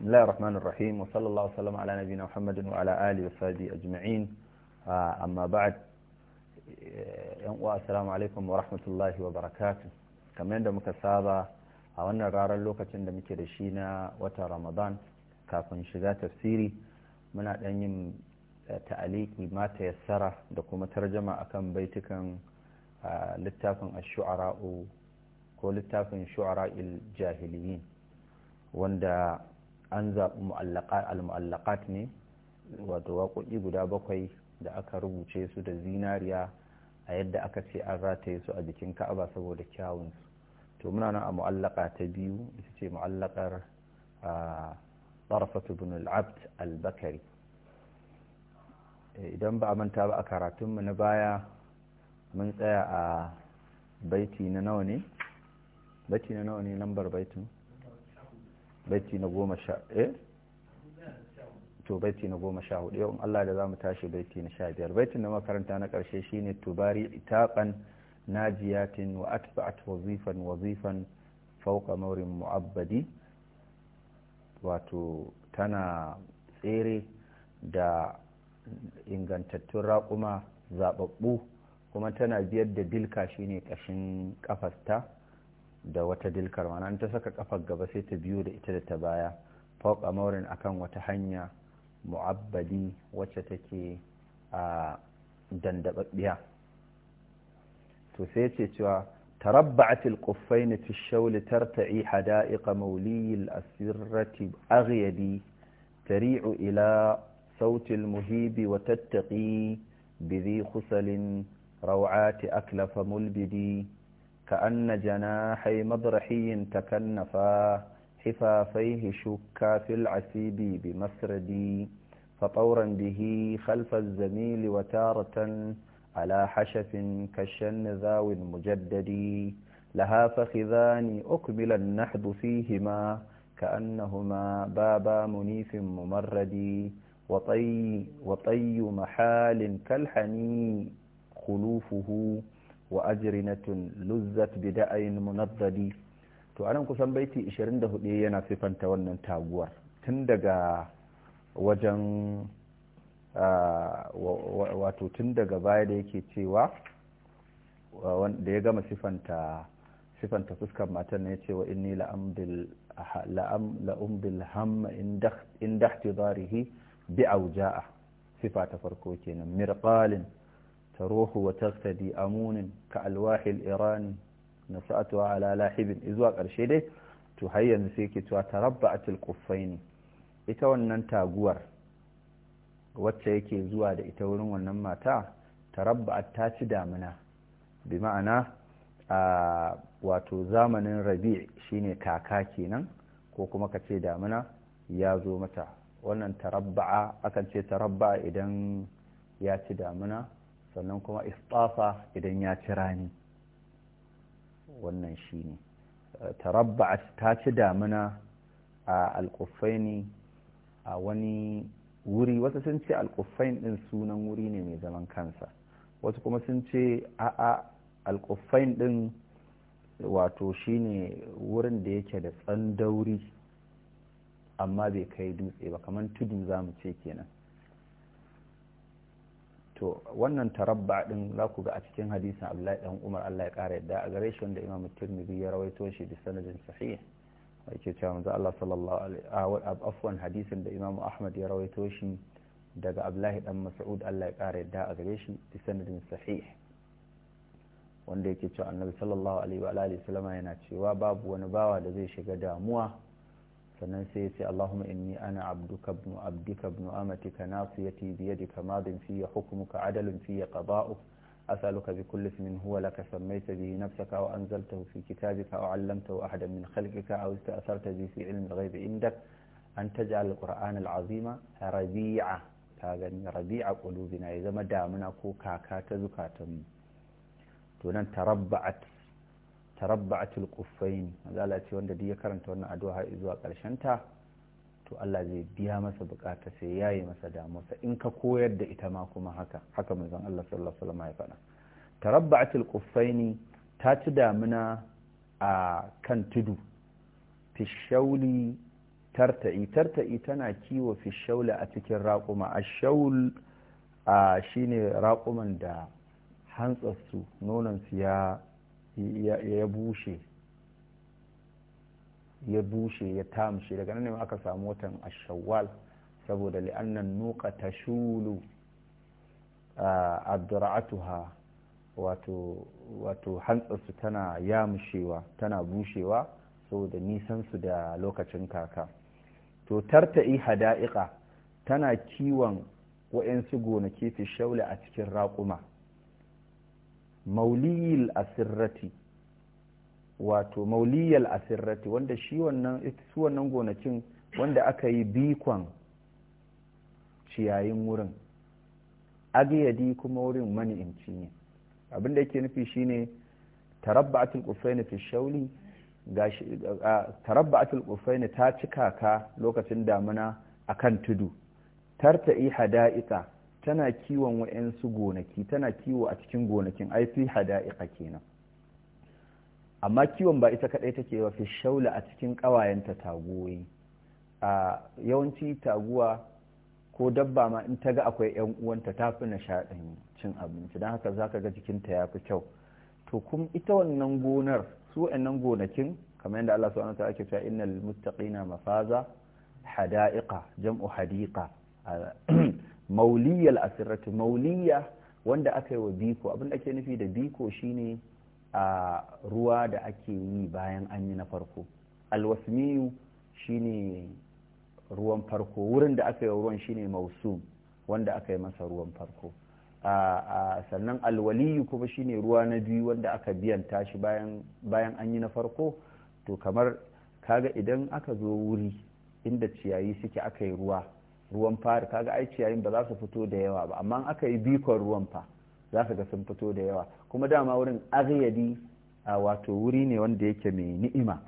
بسم الله الرحمن الرحيم وصلى الله وسلم على نبينا محمد وعلى آله وصحبه أجمعين أما بعد السلام عليكم ورحمة الله وبركاته كما عندما كسابة أولنا غار اللوكة عندما كرشينا وتا رمضان كافن شغا تفسيري من أن تعليقي ما تيسر دقوم ترجمة أكم بيتكم littafin ashu'ara'u ko littafin shu'ara'il jahiliyin wanda an zaɓi mu'allaqat ne wato waƙoƙi guda bakwai da aka rubuce su da zinariya a yadda aka ce an rataye su a jikin ka'aba saboda kyawunsu to muna nan a mu'allaka ta biyu ita ce mu'allakar tsarfatu bin al'abd al-bakari eh, idan ba a manta ba a karatunmu na baya mun tsaya a baiti na nawa ne baiti na nawa ne lambar baitin baiti na goma sha eh to baiti na goma sha hudu yawan Allah da za mu tashi baiti na sha biyar baitin da makaranta na karshe shine tubari itaqan najiyatin wa atba'at wazifan wazifan fauka maurin mu'abbadi wato tana tsere da ingantattun raƙuma zaɓaɓɓu kuma tana biyar da dilka shine ƙashin ƙafasta da wata dilkar ma'ana ta saka kafar gaba sai ta biyu da ita da ta baya fok amurin akan wata hanya mu'abbali wacce take a dandababbiya to sai ce cewa tarabba'at al-quffayn fi ash-shawl tarta'i hada'iq mawliy al-asirati aghyadi tari'u ila صوت muhibi وتتقي بذي خسل روعات أكلف ملبدي كأن جناحي مضرحي تكنفا حفافيه شكا في العسيب بمسردي فطورا به خلف الزميل وتارة على حشف كالشن ذاو مجدد لها فخذان أكمل النحب فيهما كأنهما بابا منيف ممرد وطي, وطي محال كالحني خلوفه wa ajrinatun luzzat bida'in munaddadi to anan kusan baiti 24 yana sifanta wannan taguwar tun daga wajen wato tun daga baya da yake cewa da ya gama sifanta sifanta fuskar matar ne cewa inni la'am bil hamma in dahti zarihi bi auja'a sifa ta farko kenan mirqalin a ka تروح وتغتدي أمون كألواح الإيران نسأتها على لاحب إزواء قرشيدي تهيا نسيكي تربعت ita wannan taguwar wacce yake zuwa da ita wurin wannan mata tarabba'at ta ci damina bi ma'ana a wato zamanin rabi shine kaka kenan ko kuma ka ce damina ya zo mata wannan tarabba'a akan ce tarabba'a idan ya ci damina sannan kuma istafa idan ya ci rani wannan shi ne tarabba ta ci damina a alkufaini a wani wuri wasu sun ce alkufain din sunan wuri ne mai zaman kansa wasu kuma sun ce a'a alkufain ɗin wato shi ne wurin da yake da tsandauri amma bai kai dutse ba kamar tudu za mu ce kenan to wannan tarabba din za ku ga a cikin hadisin abdullahi dan umar allah ya kara yadda a gare shi wanda imam tirmidhi ya rawaito shi da sanadin sahih wa ke cewa manzo allah sallallahu alaihi wa sallam afwan hadisin da imam ahmad ya rawaito shi daga abdullahi dan mas'ud allah ya kara yadda a gare shi da sanadin sahih wanda yake cewa annabi sallallahu alaihi wa alihi yana cewa babu wani bawa da zai shiga damuwa sannan sai ya ce inni ana abduka ibnu abdika ibnu amatika nasiyati bi yadika madin fi hukmuka adalun fi qada'uk as'aluka bi kulli ismin huwa laka sammaita bihi nafsaka wa anzaltahu fi kitabika aw 'allamtahu ahadan min khalqika aw ista'sarta bi fi 'ilmi al-ghaybi indak an taj'al al-qur'ana al-'azima rabi'a kaga ni rabi'a qulubina ya zama damina ko kaka ta zukatan to nan tarabba'at tarabba'atul quffain mazala ce wanda duk ya karanta wannan addu'a har zuwa karshen ta to Allah zai biya masa bukata sai yayi masa damuwa in ka koyar da ita ma kuma haka haka manzon Allah sallallahu alaihi wasallam ya faɗa tarabba'atul quffain ta ci damuna a kan tudu fishauli tarta'i tarta'i tana kiwo fishauli a cikin raƙuma ashaul a shine raƙuman da hantsarsu su ya ya bushe ya bushe ya tamshe daga nan ne aka samu watan ashawwal saboda li'annan nuka ta shulu addu'atuha wato wato hantsarsu tana yamushewa tana bushewa saboda nisansu da lokacin kaka to tarta'i hada'iqa tana kiwon wa'yansu gonaki fi shaula a cikin raƙuma mauliyil asirrati wato mauliyal asirrati wanda shi wannan su wannan gonakin wanda aka yi bikon ciyayin wurin agiyadi kuma wurin mani'inci ne abinda yake nufi shine tarabba'atul qufaini fi shauli gashi tarabba'atul qufaini ta cika ka lokacin damina kan tudu tarta'i ita. tana kiwon wa'yansu gonaki tana kiwo a cikin gonakin aifi hada'iqa kenan amma kiwon ba ita kadai take wa fi shaula a cikin kawayenta tagoyi a yawanci taguwa ko dabba ma in ta ga akwai yan uwanta ta fi nishaɗin cin abinci don haka zaka ga jikinta ya fi kyau to kuma ita wannan gonar su wa'annan gonakin kamar yadda Allah subhanahu wa ta'ala ke cewa innal muttaqina mafaza hada'iqa jam'u hadiqa mauliyal asirratu mauliya wanda aka yi wa biko abin da ake nufi da biko shine a ruwa da ake yi bayan an yi na farko alwasmiyu shine ruwan farko wurin da aka yi ruwan shine mausum wanda aka yi masa ruwan farko sannan alwaliyu kuma shine ruwa na biyu wanda aka biyan tashi bayan an yi na farko to kamar kaga idan aka zo wuri inda ciyayi suke aka yi ruwa ruwan fari kaga ai ciyayin ba za su fito da yawa ba amma aka yi bikon ruwan fa za ka ga sun fito da yawa kuma dama wurin aghyadi a wato wuri ne wanda yake mai ni'ima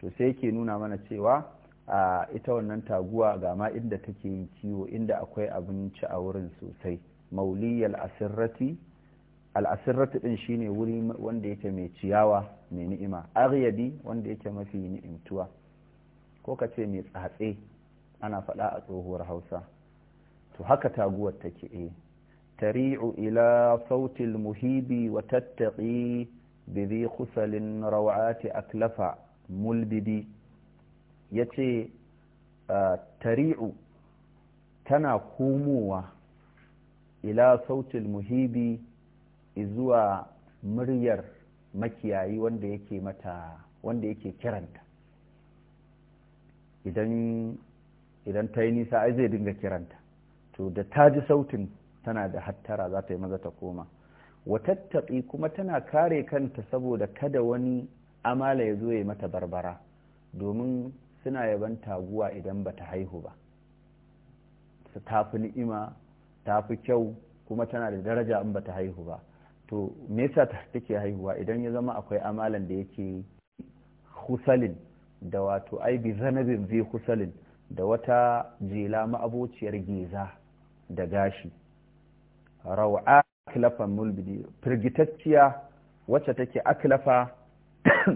to sai yake nuna mana cewa a ita wannan taguwa ga ma inda take yin kiwo inda akwai abinci a wurin sosai mauliyal asirrati Al'asirrati ɗin shine wuri wanda yake mai ciyawa mai ni'ima aghyadi wanda yake mafi ni'imtuwa ko ka ce mai tsatse ana faɗa a tsohuwar hausa to haka taguwar take eh tari'u ila sautil muhibi wa tattaqi bi dhi khusalin rawati aklafa mulbidi yace tari'u tana komowa ila sautil muhibi izuwa muryar makiyayi wanda yake mata wanda yake kiranta idan idan ta yi nisa ai zai dinga kiranta to da ta ji sautin tana da hattara za ta yi maza ta koma watattaƙi kuma tana kare kanta saboda kada wani amala ya zo ya mata barbara domin suna yaban taguwa idan ba ta haihu ba ta fi ni'ima ta fi kyau kuma tana da daraja in ba ta haihu ba to me yasa take haihuwa idan ya zama akwai amalan da yake husalin da wato ai bi zanabin zai husalin da wata jela ma'abociyar geza da gashi rawa aklafan mulbidi firgitacciya wacce take aklafa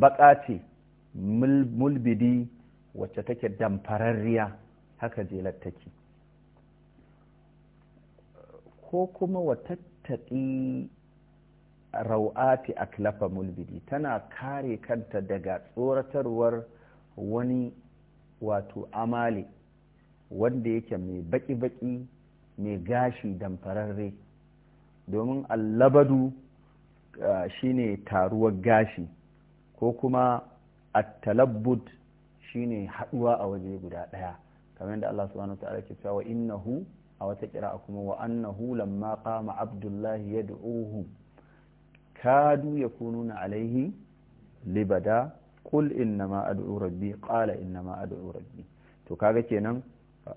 baka ce mulbidi wacce take damfararriya haka jelar take ko kuma watattaƙi rau'ati aklafa mulbidi tana kare kanta daga tsoratarwar wani wato amale wanda yake mai baki-baki mai gashi damfararre domin allabadu shine taruwar gashi ko kuma attalabbud shine haduwa a waje guda daya kamar yadda Allah subhanahu ta'ala ke cewa innahu a wata kira'a kuma wa annahu lamma qama abdullahi yad'uhu kadu yakununa alaihi libada inna ma ad'u rabbi qala ma ad'u rabbi to kaga kenan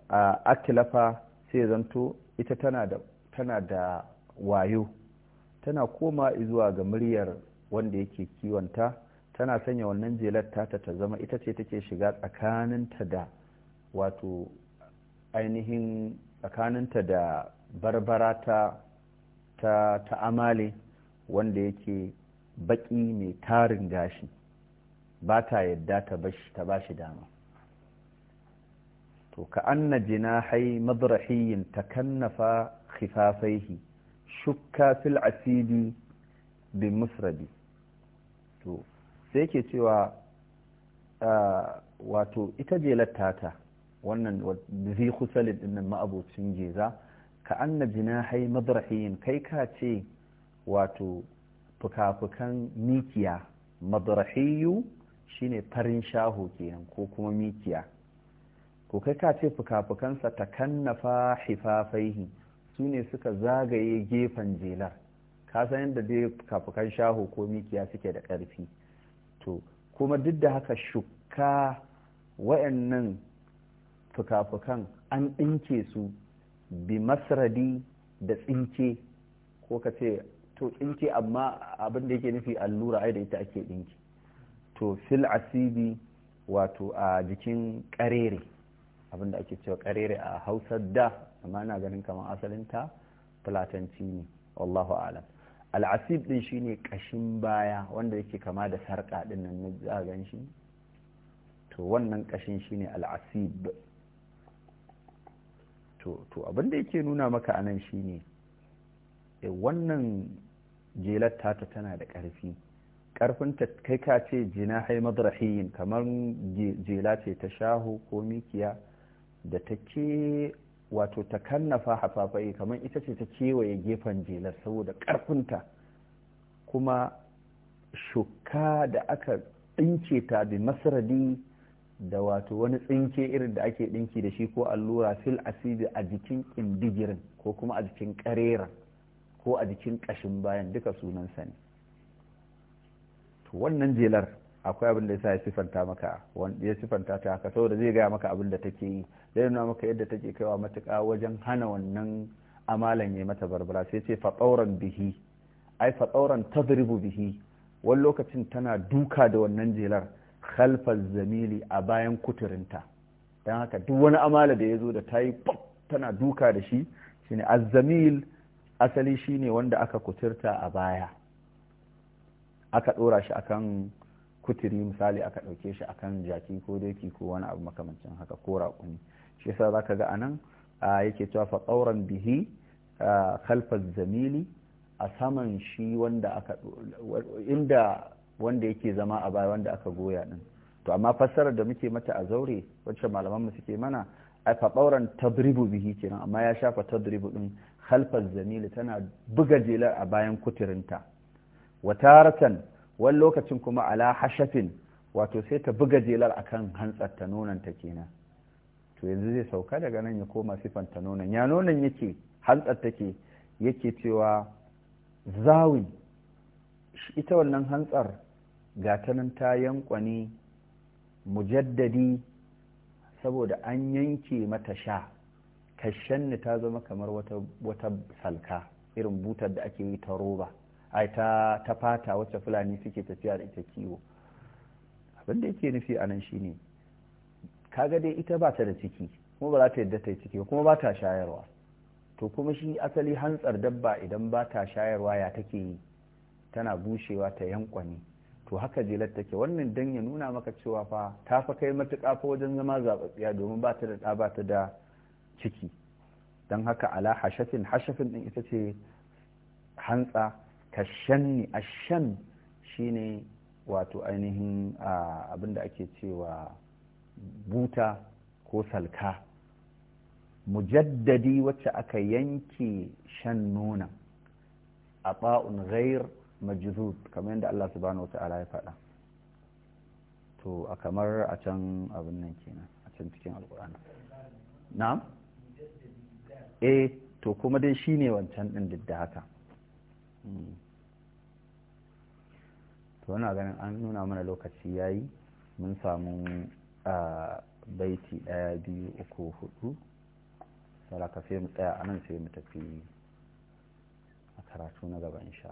atlafa sai zanto ita tana da tana da wayo tana koma zuwa ga muryar wanda yake kiwonta tana sanya wannan jelar tata ta zama ita ce take shiga tsakaninta da wato ainihin tsakaninta da barbara ta ta, ta amale wanda yake baki mai tarin gashi ba ta yadda ta ba shi dama to ka anna jinahai madrahiyin takannafa khifafaihi shukka fil asidi bin musrabi to sai ke cewa wato ita jelar tata wannan zai kusalin dinnan ma'abocin geza ka anna jinahai madrahiyin kai ka ce wato fuka-fukan mikiya madrahiyu shine farin shaho kenan ko kuma mikiya ko kai ka ce fuka-fukansa ta kannafa hifafaihi su ne suka zagaye gefen jelar ka san yadda dai fuka-fukan shaho ko mikiya suke da ƙarfi to kuma duk da haka shuka wa'annan fuka-fukan an ɗinke su bi masradi da tsinke ko ka ce to tsinke amma abin da yake nufi allura ai da ita ake ɗinke to fil asibi wato a jikin karere abinda ake cewa karere a hausa da amma na ganin kamar asalinta platanci ne wallahu alam al'asib din shine kashin baya wanda yake kama da sarka din nan na gan shi to wannan kashin shine al'asib to to abinda yake nuna maka anan shine eh, wannan jelar tata tana da ƙarfi ta kai ka ce jina hai madrahiyin kamar jela ce ta shahu ko mikiya da ta ke wato ta kannafa hafafai kamar ita ce ta kewaye gefen jelar saboda ƙarfinta kuma shuka da aka ɗinke ta bi masaradi da wato wani tsinke irin da ake ɗinki da shi ko allura fil asibi a jikin indigirin ko kuma a jikin ƙareran ko a jikin ƙashin bayan duka sunansa ne wannan jelar akwai abin da yasa ya sifanta maka wanda ya sifanta ta haka saboda zai gaya maka abin da take yi zai nuna maka yadda take kaiwa matuƙa wajen hana wannan amalan ya mata barbara sai ce fatsauran bihi ai fatsauran tadribu bihi wani lokacin tana duka da wannan jelar khalfan zamili a bayan kuturinta don haka duk wani amala da ya zo da ta yi tana duka da shi shine azzamil asali shine wanda aka kuturta a baya aka ɗora shi akan kuturi misali aka ɗauke shi akan jaki ko doki ko wani abu makamancin haka ko raƙumi shi yasa zaka ga anan yake cewa fa tsauran bihi khalfaz zamili a saman shi wanda aka inda wanda yake zama a baya wanda aka goya din to amma fassarar da muke mata a zaure wacce malaman mu suke mana ai fa tsauran tadribu bihi kenan amma ya shafa tadribu din khalfaz zamili tana buga jelar a bayan kuturinta wa taratan wani lokacin kuma ala hashafin wato sai ta buga jelar akan hantsar ta nonon ta kenan to yanzu zai sauka daga nan ya koma sifan ta nonon ya nonon yake hantsar take yake cewa zawi ita wannan hantsar ta nan ta yankwani mujaddadi saboda an yanke mata sha kashen ta zama kamar wata salka irin butar da ake yi ta roba ai ta ta fata wacce fulani suke tafiya da ita kiwo abin yake nufi a nan shine kaga dai ita ba ta da ciki kuma ba za ta yadda ta yi ciki kuma ba ta shayarwa to kuma shi asali hantsar dabba idan ba ta shayarwa ya take yi tana bushewa ta yankwani to haka jelar take wannan dan ya nuna maka cewa fa ta fa kai matuƙa fa wajen zama zaɓaɓɓiya domin ba ta da ɗa ba ta da ciki don haka ala hashafin hashafin ɗin ita ce hantsa tashanni ashan shine wato ainihin abinda ake cewa buta ko salka mujaddadi wacce aka yanke shan nuna a ba'un ghair majzud kamar yadda Allah subhanahu wata'ala ya faɗa to a kamar a can abin nan kenan a can cikin alkur'ani na'am eh to kuma dai shine wancan din duk da haka hmm. to ina ganin an nuna mana lokaci ya yi mun samu baiti ɗaya biyu uku hudu saraka sai mu tsaya anan sai mu tafi a karatu na gaba insha